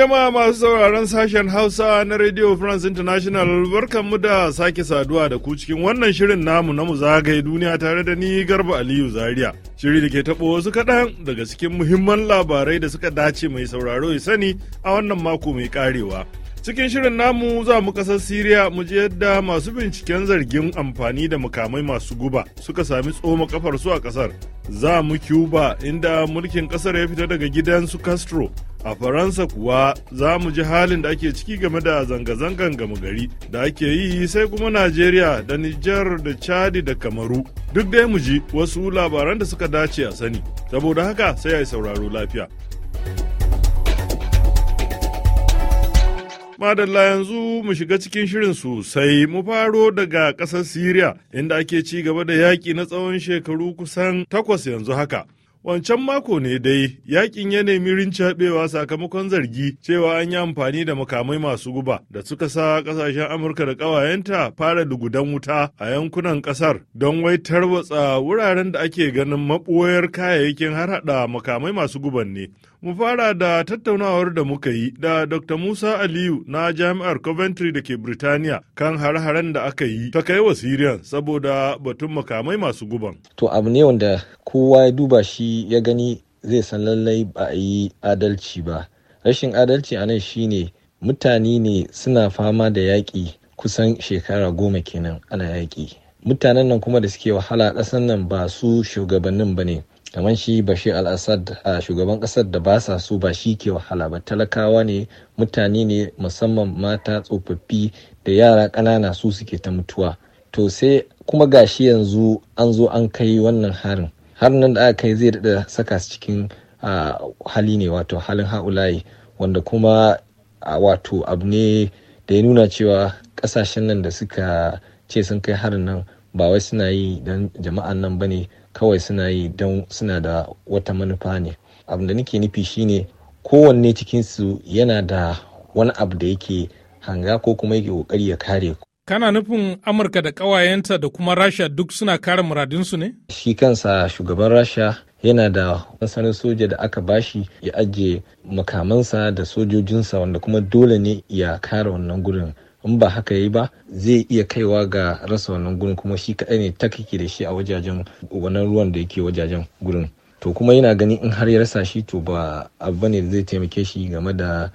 Jama'a masu sauraron sashen Hausa na Radio France International barkanmu da sake saduwa da ku cikin wannan shirin namu na mu zagaye duniya tare da ni Garba Aliyu Zaria. Shiri da ke taɓo wasu kaɗan daga cikin muhimman labarai da suka dace mai sauraro ya sani a wannan mako mai karewa. Cikin shirin namu za mu ƙasar Siriya mu ji yadda masu binciken zargin amfani da mukamai masu guba suka sami tsoma kafar su a ƙasar. Za mu Cuba inda mulkin ƙasar ya fita daga gidan su Castro a faransa kuwa za mu ji halin da ake ciki game da zanga-zangan gama gari da ake yi sai kuma najeriya da nijar da chadi da kamaru duk dai mu ji wasu labaran da suka dace a sani saboda haka sai a yi sauraro lafiya madalla yanzu mu shiga cikin shirin sosai mu faro daga ƙasar syria inda ake ci gaba da yaƙi na tsawon shekaru kusan takwas yanzu haka Wancan mako ne dai yakin ya nemi rincaɓewa sakamakon zargi cewa an yi amfani da makamai masu guba da suka sa ƙasashen Amurka da ƙawayenta fara dugudan wuta a yankunan ƙasar don wai tarwatsa wuraren da ake ganin maɓoyar kayayyakin har haɗa makamai masu guban ne Mu fara da tattaunawar da muka yi da Dr. Musa Aliyu na Jami'ar Coventry da ke Birtaniya kan har-haren da aka yi ta kai wa Syrian saboda batun makamai masu guban. To abu ne wanda kowa ya duba shi ya gani zai san lallai ba a yi adalci ba. Rashin adalci a nan shine mutane ne suna fama da yaƙi kusan shekara goma kenan ana yaƙi. Mutanen nan kuma da suke wahala ƙasan nan ba su shugabannin ba ne. kamar shi bashir al-assad a shugaban kasar da ba sa so ba shi ke wahala ba talakawa ne mutane ne musamman mata tsofaffi da yara ƙanana su suke ta mutuwa to sai kuma gashi yanzu an zo an kai wannan harin har nan da aka kai zai daɗa saka su cikin hali ne wato halin ha'ulayi wanda kuma wato abu ne da ya nuna cewa ƙasashen nan da suka ce sun kai harin nan ba wai suna yi don jama'an nan ba ne kawai suna yi don suna da wata manufa ne abin da nake nufi shine kowanne cikinsu yana da wani abu da yake hanga ko kuma yake kokari ya kare kana nufin amurka da ƙawayenta da kuma rasha duk suna kare muradinsu ne shi kansa shugaban rasha yana da sanin soja da aka bashi ya ajiye makamansa da sojojinsa wanda kuma dole ne ya kare wannan gurin in ba haka yi ba zai iya kaiwa ga rasa wannan gurin kuma shi kaɗai ne ta da shi a wajajen wannan ruwan da yake wajajen gurin to kuma yana gani in har ya rasa shi to ba abu ne zai taimake shi game da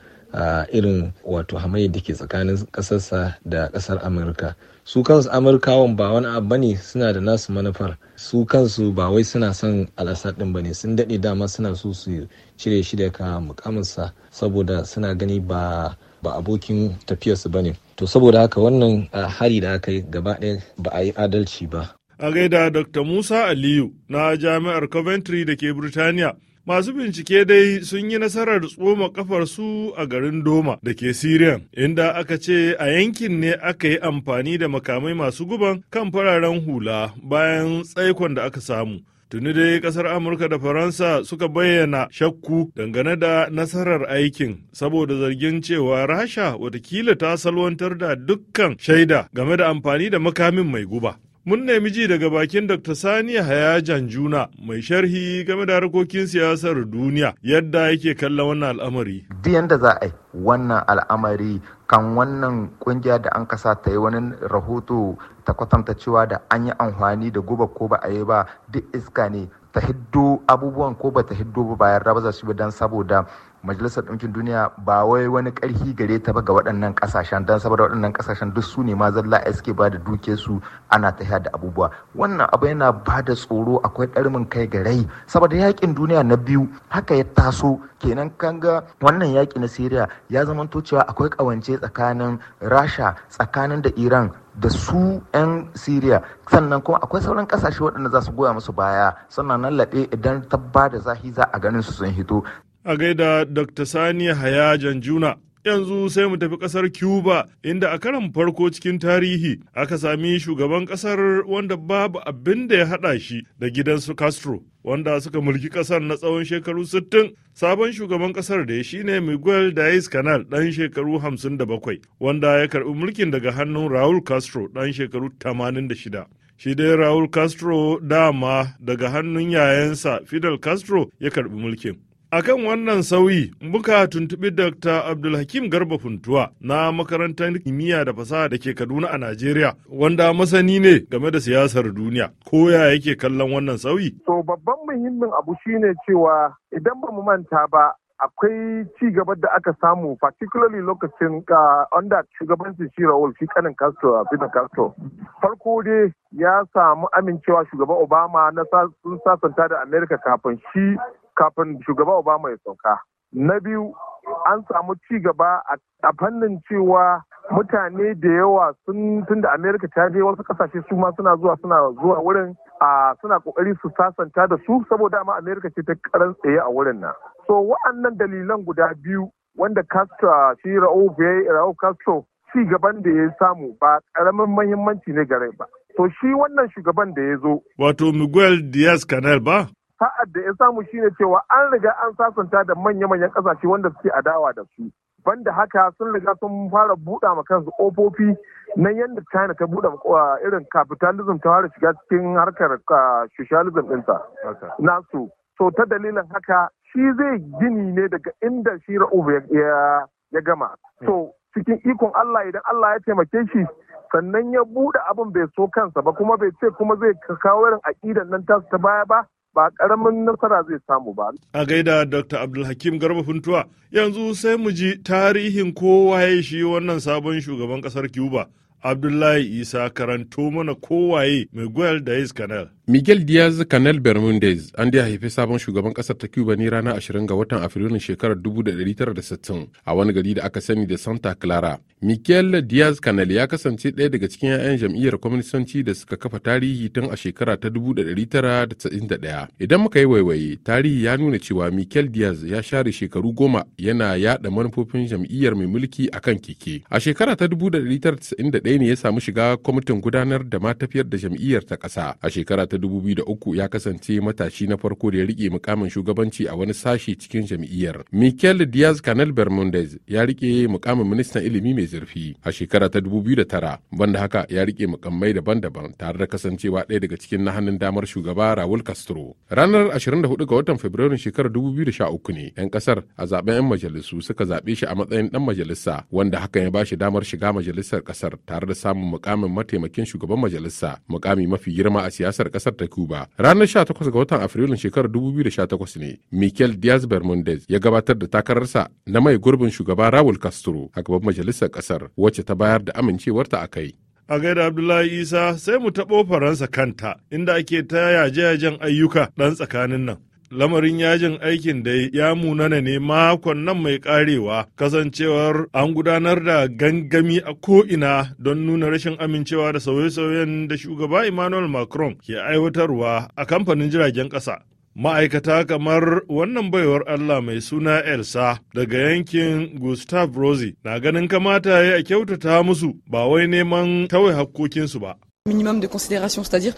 irin wato hamayyar da ke tsakanin kasarsa da kasar amurka su kansu amurkawan ba wani abu bane suna da nasu manufar su kansu ba wai suna son alasa din bane sun daɗe dama suna so su cire shi daga mukaminsa saboda suna gani ba ba abokin tafiyarsu ba ne to saboda haka wannan hari da aka yi gaba ɗaya ba a yi adalci ba a gaida dr musa aliyu na jami'ar coventry da ke birtaniya masu bincike dai sun yi nasarar tsoma kafarsu a garin doma da ke syria inda aka ce a yankin ne aka yi amfani da makamai masu guban kan fararen hula bayan tsaikon da aka samu Tuni dai kasar Amurka da Faransa suka bayyana shakku dangane da nasarar aikin saboda zargin cewa Rasha watakila ta salwantar da dukkan shaida game da amfani da makamin mai guba. mun nemi ji daga bakin Dr. Sani hayajan juna mai sharhi game da harkokin siyasar duniya yadda yake kallon wannan al'amari. Duk yadda za a yi wannan al'amari kan wannan kungiya da an kasa ta yi wani rahoto ta kwatanta cewa da an yi amfani da guba ko ba a yi ba duk iska ne ta hiddo abubuwan ko ba ta hiddo ba bayan raba za su bi don saboda majalisar ɗinkin duniya ba wai wani ƙarfi gare ta ba ga waɗannan ƙasashen don saboda waɗannan ƙasashen duk su ne ma zalla a suke ba da duke su ana ta da abubuwa wannan abu yana ba da tsoro akwai ɗarmin kai ga rai saboda yaƙin duniya na biyu haka ya taso kenan kanga wannan yaƙi na syria ya zamanto cewa akwai ƙawance tsakanin rasha tsakanin da iran da su 'yan Siriya sannan kuma akwai sauran kasashe waɗanda za su goya musu baya sannan nan laɓe idan ta bada da zahi za a ganin su sun hito A gaida Dr. Sani hayajan juna yanzu sai mu tafi kasar cuba inda a karan farko cikin tarihi aka sami shugaban kasar wanda babu abin da ya hada shi da gidansu castro wanda suka mulki kasar na tsawon shekaru 60 sabon shugaban kasar da ya shine miguel diaz canal dan shekaru 57 wanda ya karbi mulkin daga hannun raul castro dan shekaru 86 shi dai raul castro dama daga hannun yayansa fidel castro ya karbi mulkin Akan wannan sauyi muka tuntubi Dr. Abdulhakim Garba Funtuwa na makarantar kimiyya da fasaha da ke Kaduna a Najeriya wanda masani ne game da siyasar duniya ko ya yake kallon wannan sauyi. To babban muhimmin abu shine cewa idan ba mu manta ba akwai ci gaba da aka samu particularly lokacin ka uh, under shugabancin shi Raul shi kanin Castro a Fidel Castro farko dai ya samu amincewa shugaban Obama na sun sasanta da America kafin shi kafin shugaba obama ya sauka na biyu an samu ci gaba a fannin cewa mutane da yawa sun tun da amerika ta je wasu kasashe su ma suna zuwa suna zuwa wurin a suna kokari su sasanta da su saboda ma amerika ce ta karan tsaye a wurin nan so wa'annan dalilan guda biyu wanda castro shi Raul castro ci gaban da ya samu ba karamin mahimmanci ne gare ba to shi wannan shugaban da ya zo wato miguel diaz canel ba sa'ad da ya samu shine cewa an riga an sasanta da manya-manyan kasashe wanda suke adawa da su banda haka sun riga sun fara buɗa ma kansu ƙofofi na yadda china ta buɗe irin capitalism ta fara shiga cikin harkar socialism ɗinta nasu so ta dalilin haka shi zai gini ne daga inda shi ra'ubu ya gama so cikin ikon allah idan allah ya taimake shi sannan ya buɗe abin bai so kansa ba kuma bai ce kuma zai kawo irin aƙidan nan tasu ta baya ba ba karamin nasara zai samu ba. A gaida Dr. Abdulhakim Garba Funtuwa yanzu sai mu ji tarihin kowaye ya shi wannan sabon shugaban kasar Cuba. Abdullahi Isa karanto mana kowaye mai Miguel Diaz Canel. Miguel Diaz Canel Bermudez an da haifi sabon shugaban kasar ta Cuba ne ranar 20 ga watan Afrilun shekarar 1960 a wani gari da aka sani da Santa Clara. Miguel Diaz Canel ya kasance ɗaya daga cikin 'ya'yan jam'iyyar kwaminisanci da suka kafa tarihi tun a shekara ta 1991. Idan muka yi waiwaye, tarihi ya nuna cewa Miguel Diaz ya share shekaru goma yana yaɗa manufofin jam'iyyar mai mulki a kan keke. A shekara ta 1991 ne ya samu shiga kwamitin gudanar da matafiyar da jam'iyyar ta ƙasa. A shekara ta ta 2003 ya kasance matashi na farko da ya rike mukamin shugabanci a wani sashe cikin jam'iyyar. Mikel Diaz Canel Bermudez ya rike mukamin ministan ilimi mai zurfi a shekara ta 2009 banda haka ya rike mukammai daban-daban tare da kasancewa ɗaya daga cikin na hannun damar shugaba Raul Castro. Ranar 24 ga watan Fabrairun shekarar 2013 ne 'yan kasar a zaben 'yan majalisu suka zaɓe shi a matsayin ɗan majalisa wanda haka ya ba shi damar shiga majalisar kasar tare da samun mukamin mataimakin shugaban majalisa mukami mafi girma a siyasar kasar kasar ta Cuba. Ranar 18 ga watan Afrilun shekarar 2018 ne Mikel Diaz Bermudez ya gabatar da takararsa na mai gurbin shugaba Raul Castro a gaban majalisar kasar wacce ta bayar da amincewarta a kai. a gaida Abdullahi Isa sai mu taɓo Faransa kanta inda ake ta yaje-yajen ayyuka ɗan tsakanin nan. lamarin yajin aikin da ya munana ne makon nan mai karewa kasancewar an gudanar da gangami a ko'ina don nuna rashin amincewa da sauye-sauyen da shugaba emmanuel macron ke aiwatarwa a kamfanin jiragen ƙasa ma'aikata kamar wannan baiwar Allah mai suna Elsa daga yankin Gustav Rosi na ganin kamata ya kyautata musu ba wai neman tawai hakkokinsu ba. minimum de considération, c'est-à-dire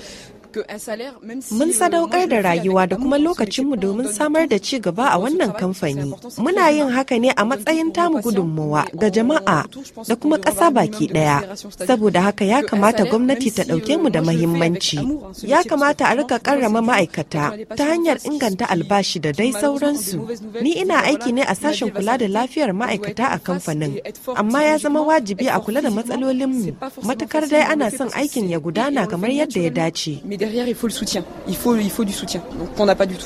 Mun euh, sadaukar da rayuwa da kuma lokacinmu domin samar da ci gaba a wannan kamfani. Muna yin haka ne a matsayin tamu gudunmawa ga jama'a da kuma ƙasa baki ɗaya. Saboda haka ya kamata gwamnati ta ɗauke euh, mu da mahimmanci. Ya kamata a rika karrama ma'aikata ta hanyar inganta albashi da dai sauransu. Ni ina aiki ne a sashen kula da lafiyar ma'aikata a kamfanin. Amma ya zama wajibi a kula da matsalolinmu. Matukar dai ana son aikin ya gudana kamar yadda ya dace. derrière, il faut le soutien. Il faut, il faut du soutien. Donc, on n'a pas du tout.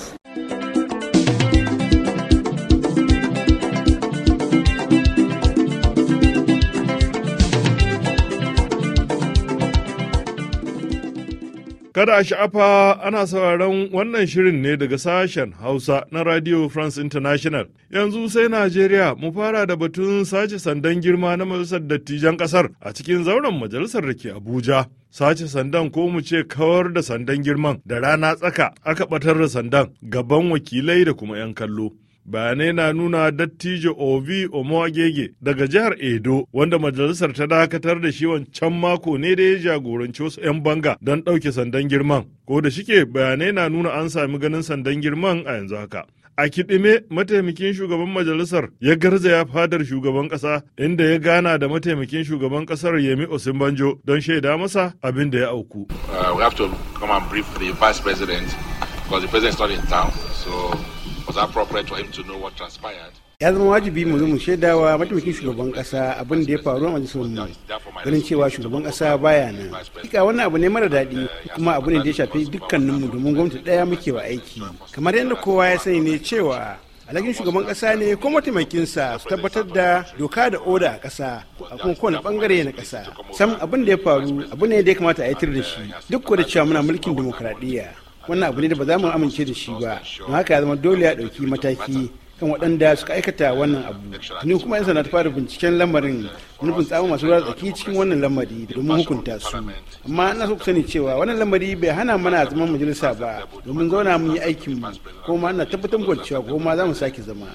Kada a sha'afa ana sauraron wannan shirin ne daga sashen Hausa na Radio France International. Yanzu sai Najeriya mu fara da batun sace sandan girma na majalisar dattijan kasar a cikin zauren majalisar da ke Abuja. sace sandan ko mu ce kawar da sandan girman da rana tsaka aka batar da sandan gaban wakilai da kuma 'yan kallo. bayanai na nuna dattijo ovi omoagege daga jihar edo wanda majalisar ta dakatar da shi wancan mako ne da ya jagoranci wasu 'yan banga don ɗauke sandan girman ko da shike bayanai na nuna an sami ganin sandan girman a yanzu haka a kiɗime mataimakin shugaban majalisar ya garza ya fadar shugaban ƙasa inda ya gana da mataimakin shugaban ƙasar yemi osinbanjo don shaida masa abin da ya auku uh, was appropriate for him to know what transpired. ya zama wajibi mu mu shaidawa mataimakin shugaban kasa abin da ya faru a majalisar mu ganin cewa shugaban kasa baya nan ika wannan abu ne mara daɗi kuma abu ne da ya shafi dukkanin mu domin gwamnati ɗaya muke wa aiki kamar yadda kowa ya sani ne cewa alhakin shugaban kasa ne ko sa su tabbatar da doka da oda a kasa a kuma kowane bangare na kasa sam abin da ya faru abu ne da ya kamata a yi da shi duk da cewa muna mulkin demokradiyya wannan abu ne da ba za mu amince da shi ba don haka ya zama dole ya ɗauki mataki kan waɗanda suka aikata wannan abu tuni kuma yan sana ta fara binciken lamarin nufin tsawon masu ruwa tsaki cikin wannan lamari domin hukunta su amma ina so ku sani cewa wannan lamari bai hana mana zaman majalisa ba domin zauna mun yi aikin mu ko ma ina tabbatar muku cewa ko ma za mu sake zama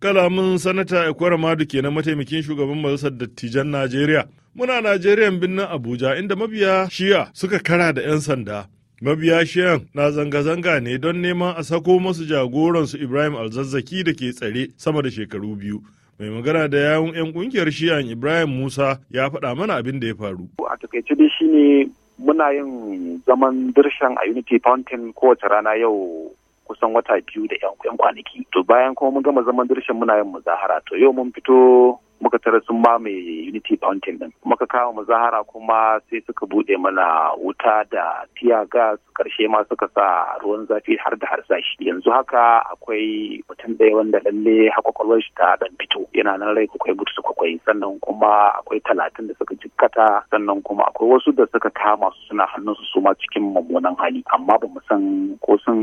kalamin sanata ekuwar madu na mataimakin shugaban majalisar dattijan najeriya Muna Najeriya birnin Abuja inda mabiya shiya suka kara da 'yan sanda. Mabiya shiyan na zanga-zanga ne don neman a sako masu jagoransu Ibrahim Alzazzaki da ke tsare sama da shekaru biyu. mai magana da yawun 'yan kungiyar shiyan ibrahim musa ya faɗa mana abin da ya faru a takaice dai ne muna yin zaman dirshan a unity fountain kowace rana yau kusan wata biyu da 'yan kwanaki to bayan kuma mun gama zaman dirshan muna yin muzahara to yau mun fito muka tara sun mai unity fountain din muka kama muzahara kuma sai suka bude mana wuta da tiya gas karshe ma suka sa ruwan zafi har da har harsashi yanzu haka akwai mutum ɗaya wanda lalle hakwakwalwar shi ta dan fito yana nan rai kwakwai butu kwakwai sannan kuma akwai talatin da suka jikkata sannan kuma akwai wasu da suka kama su suna hannunsu su ma cikin mummunan hali amma ba mu san ko sun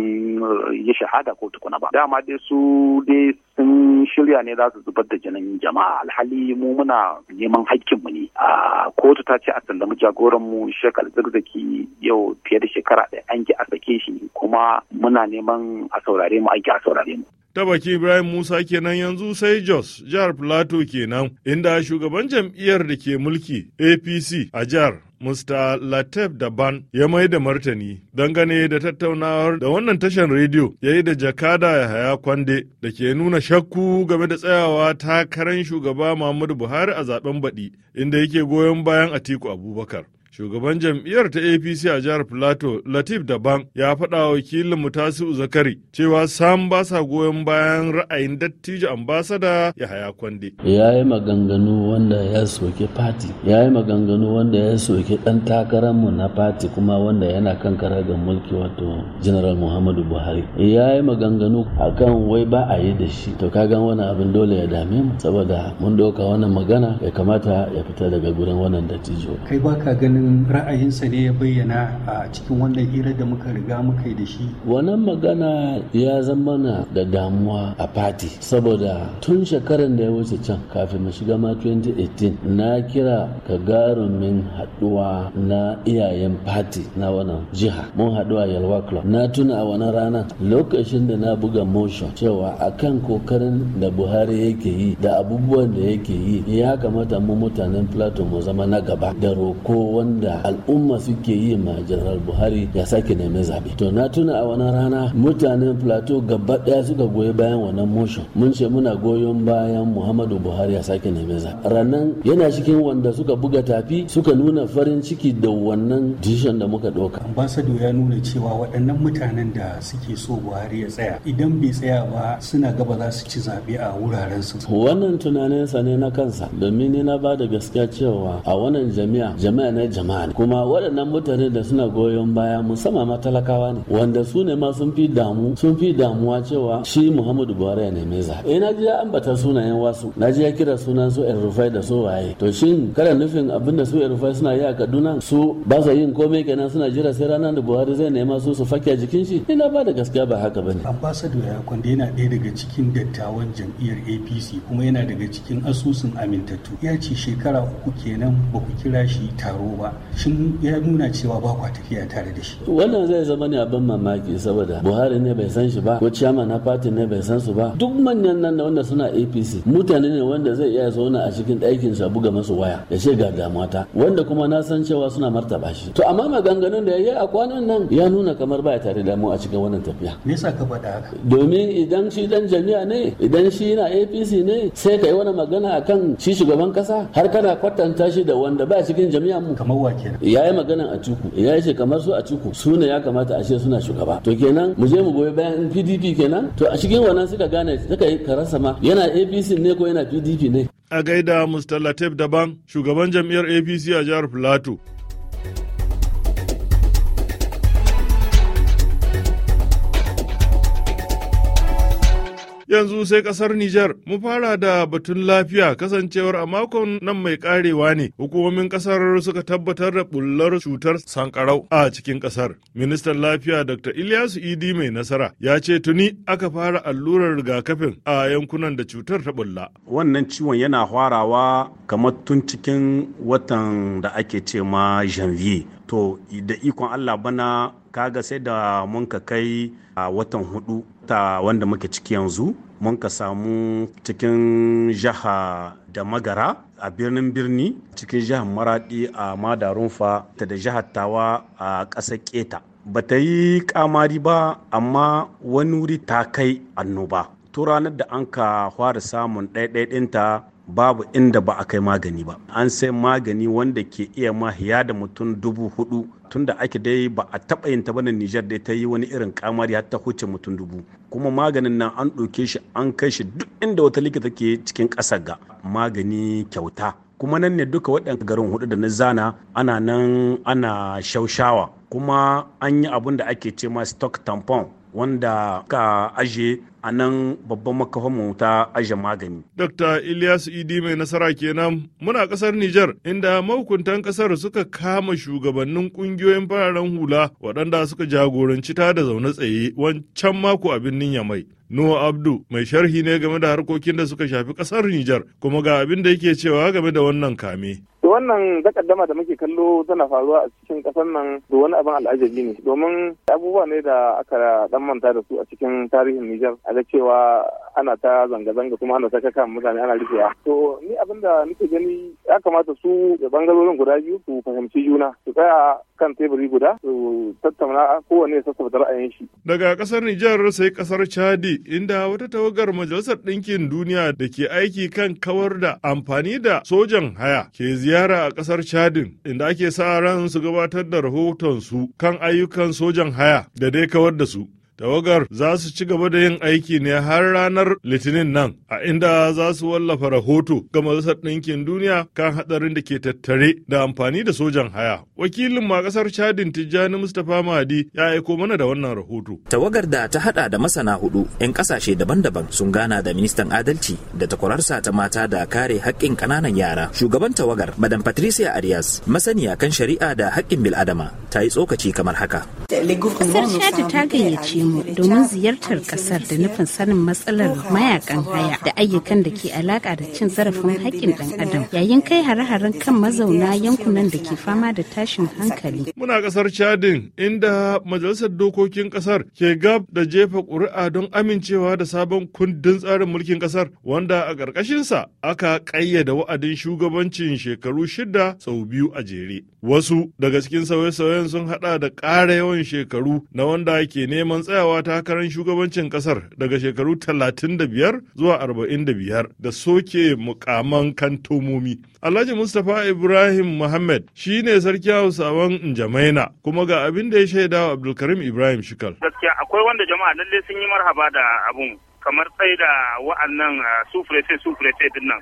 yi shahada ko tukuna ba dama dai su dai sun shirya ne za su zubar da jinin jama'a alhali mu muna neman haƙƙinmu ne a kotu ta ce a jagoran mu shek alzarzaki yau fiye da shekara ɗaya an ki a sake shi kuma muna neman a saurare mu an ki a saurare mu ta baki Ibrahim Musa kenan yanzu sai Jos jihar Plateau kenan inda shugaban jam'iyyar da ke mulki APC a jihar Mr. Latif Daban ya mai da martani dangane da tattaunawar da wannan tashar rediyo ya yi da jakada Yahaya Kwande da ke nuna shakku game da tsayawa ta-karan shugaba Muhammadu Buhari a zaben baɗi inda yake goyon bayan Atiku Abubakar. Shugaban jam'iyyar ta APC a jihar Plateau Latif Daban ya faɗa wa wakilin Mutasiu Zakari cewa sam ba sa goyon bayan ra'ayin dattijo ambasada Yahaya Kwande. Ya yi maganganu wanda ya soke fati, ya yi maganganu wanda ya soke ɗan mu na fati kuma wanda yana kan ga mulki wato General Muhammadu Buhari. Ya yi maganganu akan wai ba a yi da shi. To ka gan wani abin dole ya dame mu saboda mun doka wannan magana ya kamata ya fita daga gurin wannan dattijo. Kai ba ka ganin ra'ayinsa ne ya bayyana a cikin wannan hira da muka riga muka yi da shi wannan magana ya zama na da damuwa a fati saboda tun shekarar da ya wuce can kafin mu shiga ma 2018 na kira gagarumin haduwa na iyayen fati na wannan jiha mun haduwa yalwa club na tuna a wani rana lokacin da na buga motion cewa akan kokarin da buhari yake yi da abubuwan da yake yi ya kamata mu mutanen plateau mu zama na gaba da roko wanda da al'umma suke yi ma general buhari ya sake neman zaɓe to na tuna a wani rana mutanen plateau gaba ɗaya suka goyi bayan wannan motion mun ce muna goyon bayan muhammadu buhari ya sake neman zabe rannan yana cikin wanda suka buga tafi suka nuna farin ciki da wannan decision da muka ɗauka ambasado ya nuna cewa waɗannan mutanen da suke so buhari ya tsaya idan bai tsaya ba suna gaba za su ci zaɓe a wuraren su wannan tunanin sa ne na kansa domin ni na ba da gaskiya cewa a wannan jami'a jami'a na jami'a jama'a kuma waɗannan mutane da suna goyon baya musamman ma talakawa ne wanda su ne ma sun fi damu sun fi damuwa cewa shi Muhammadu Buhari ne mai za eh na ji ya ambata sunayen wasu na ji ya kira sunan su El Rufai da su waye to shin kada nufin abinda su El Rufai suna yi a Kaduna su ba sa yin komai kenan suna jira sai ranar da Buhari zai nema su su fake jikin shi ina ba da gaskiya ba haka bane ambassador ya kwanda yana ɗaya daga cikin dattawan jam'iyyar APC kuma yana daga cikin asusun amintattu ya ce shekara uku kenan ba ku kira shi taro ba shin ya nuna cewa ba kwa tafiya tare da shi wannan zai zama ne abin mamaki saboda buhari ne bai san shi ba ko ciyama na Fati ne bai san su ba duk manyan nan da wanda suna apc mutane ne wanda zai iya zauna a cikin ɗakin sa buga masu waya ya ce ga ta. wanda kuma na san cewa suna martaba shi to amma maganganun da ya yi a kwanan nan ya nuna kamar ba ya tare da mu a cikin wannan tafiya me yasa ka faɗa haka domin idan shi dan jami'a ne idan shi yana apc ne sai ka yi wani magana akan shi shugaban kasa har kana kwatanta shi da wanda ba cikin jami'a mu yayi kenan maganan a cuku ya ce kamar su a cuku su ne ya kamata a ce suna shugaba to kenan mu je mu goyi bayan pdp kenan to a cikin wannan suka gane suka yi karasa ma yana apc ne ko yana pdp ne a gaida mustalatef daban shugaban jam'iyyar apc a jihar plateau Yanzu sai kasar Nijar mu fara da batun lafiya kasancewar a makon nan mai karewa ne hukumomin kasar suka tabbatar da bullar cutar sankarau a cikin kasar. Ministan lafiya Dr. Ilyasu Idi mai nasara ya ce tuni aka fara allurar rigakafin a yankunan da cutar ta bulla. Wannan ciwon yana farawa kamar tun cikin watan da ake ce ma janvier. To da ikon Allah bana kaga sai da mun ka kai a watan hudu ta wanda muke ciki yanzu mun ka samu cikin jiha da magara a birnin birni cikin jihar maradi a madarunfa ta da jihar tawa a ƙasar keta ba ta yi kamari ba amma wani wuri ta kai annoba to ranar da an ka fara samun ɗaiɗaiɗinta babu inda ba a kai magani ba an sai magani wanda ke iya mahiya da mutum dubu hudu tunda ake dai ba a taɓa yin ta bane Nijar dai ta yi wani irin kamari har ta huce mutum dubu kuma maganin nan an ɗauke shi an kai shi duk inda wata likita ke cikin ƙasar ga magani kyauta kuma nan ne duka waɗanda garin hudu da na zana ana nan ana shaushawa kuma an yi abun da ake ce ma stock tampon wanda ka aje a nan babban makafanmu ta ajiye magani. Dr. Ilyas Idi mai nasara kenan muna kasar Nijar inda mahukuntan kasar suka kama shugabannin kungiyoyin fararen hula waɗanda suka jagoranci ta da zaune tsaye wancan mako a birnin Yamai. Nuhu Abdu mai sharhi ne game da harkokin da suka shafi kasar Nijar kuma ga abin da yake cewa game da wannan kame. wannan takaddama da muke kallo tana faruwa a cikin kasar nan da wani abin al'ajabi ne domin abubuwa ne da aka dan manta da su a cikin tarihin Nijar a ga cewa ana ta zanga-zanga kuma ana ta kaka mutane ana rufewa. To ni abin da nake gani ya kamata su da bangarorin guda biyu su fahimci juna su tsaya kan teburi guda su tattauna kowane sassauta ra'ayin shi. Daga kasar Nijar sai kasar Chadi inda wata tawagar majalisar ɗinkin duniya da ke aiki kan kawar da amfani da sojan haya ke ziyara ziyara a kasar chadin inda ake sa ran su gabatar da rahoton su kan ayyukan sojan haya da dai kawar da su Tawagar za su ci gaba da yin aiki ne har ranar Litinin nan, a inda za su wallafa rahoto ga Majalisar Ɗinkin Duniya kan hatsarin da ke tattare da amfani da sojan haya. Wakilin ma ƙasar Chadin Tijjani Mustapha Mahadi ya aiko mana da wannan rahoto. Tawagar da ta hada da masana hudu 'yan ƙasashe daban-daban sun gana da ministan adalci da takwararsa ta mata da kare haƙƙin ƙananan yara. Shugaban tawagar Madam Patricia Arias masaniya kan shari'a da haƙƙin bil'adama ta yi tsokaci kamar haka. Ƙasar ta gayyace mu domin ziyartar kasar da nufin sanin matsalar mayakan haya da ayyukan da ke alaka da cin zarafin haƙƙin ɗan adam yayin kai hare-haren kan mazauna yankunan da ke fama da tashin hankali. Muna ƙasar Chadin inda majalisar dokokin ƙasar ke gab da jefa ƙuri'a don amincewa da sabon kundin tsarin mulkin ƙasar wanda a ƙarƙashinsa aka ƙayyada wa'adin shugabancin shekaru shida sau biyu a jere. Wasu daga cikin sauye-sauyen sun haɗa da ƙara yawan shekaru na wanda ke neman tsari tsayawa takarar shugabancin kasar daga shekaru 35 zuwa 45 da soke mukaman kantomomi. Alhaji Mustapha Ibrahim Muhammad shi ne sarki Hausawan Njamaina kuma ga abin da ya shaida wa Abdulkarim Ibrahim Shikal. Gaskiya akwai wanda jama'a lalle sun yi marhaba da abun kamar da wa'annan uh, sufurete sufure din nan.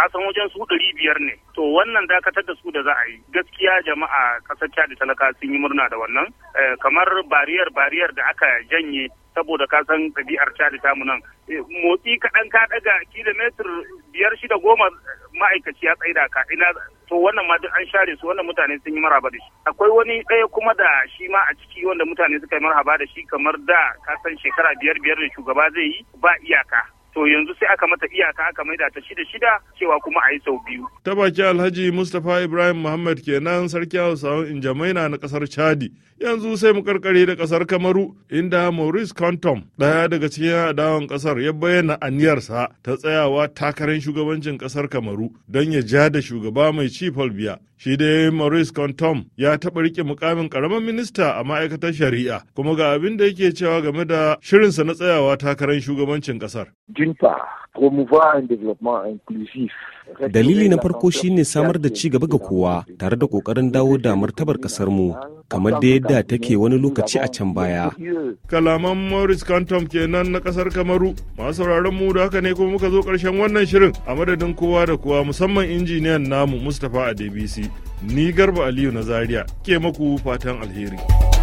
ka san wajen su ɗari biyar ne to wannan dakatar da su da za a yi gaskiya jama'a ƙasar cadi talaka sun yi murna da wannan eh, kamar bariyar bariyar da aka janye saboda ka san ɗabi'ar cadi tamu nan eh, motsi kaɗan ka ɗaga kilomitar biyar shida goma eh, ma'aikaci ya tsaida ka ina to wannan ma duk an share su wannan mutane sun yi maraba da shi akwai wani ɗaya kuma da shi ma a ciki wanda mutane suka yi maraba da shi kamar da ka san shekara biyar biyar da shugaba zai yi ba iyaka to yanzu sai aka mata iyaka aka maida ta shida shida cewa kuma a yi sau biyu. Ta baki Alhaji Mustapha Ibrahim Muhammad kenan sarki Hausawan Injamaina na kasar Chadi. Yanzu sai mu karkare da kasar Kamaru inda Maurice Kantom daya daga cikin adawan kasar ya bayyana aniyarsa ta tsayawa takarar shugabancin kasar Kamaru don ya ja da shugaba mai ci Biya. Shi dai Maurice Kantom ya taɓa riƙe mukamin ƙaramin minista a ma'aikatar shari'a kuma ga abin da yake cewa game da shirinsa na tsayawa takarar shugabancin kasar. d'une part promouvoir un développement inclusif. Dalili na farko shine samar da ci gaba ga kowa tare da kokarin dawo da martabar kasarmu kamar da yadda take wani lokaci a can baya. Kalaman Maurice Kantom kenan na kasar Kamaru masu sauraron mu da haka ne kuma muka zo karshen wannan shirin a madadin kowa da kowa musamman injiniyan namu Mustapha a Ni Garba Aliyu na Zaria ke maku fatan alheri.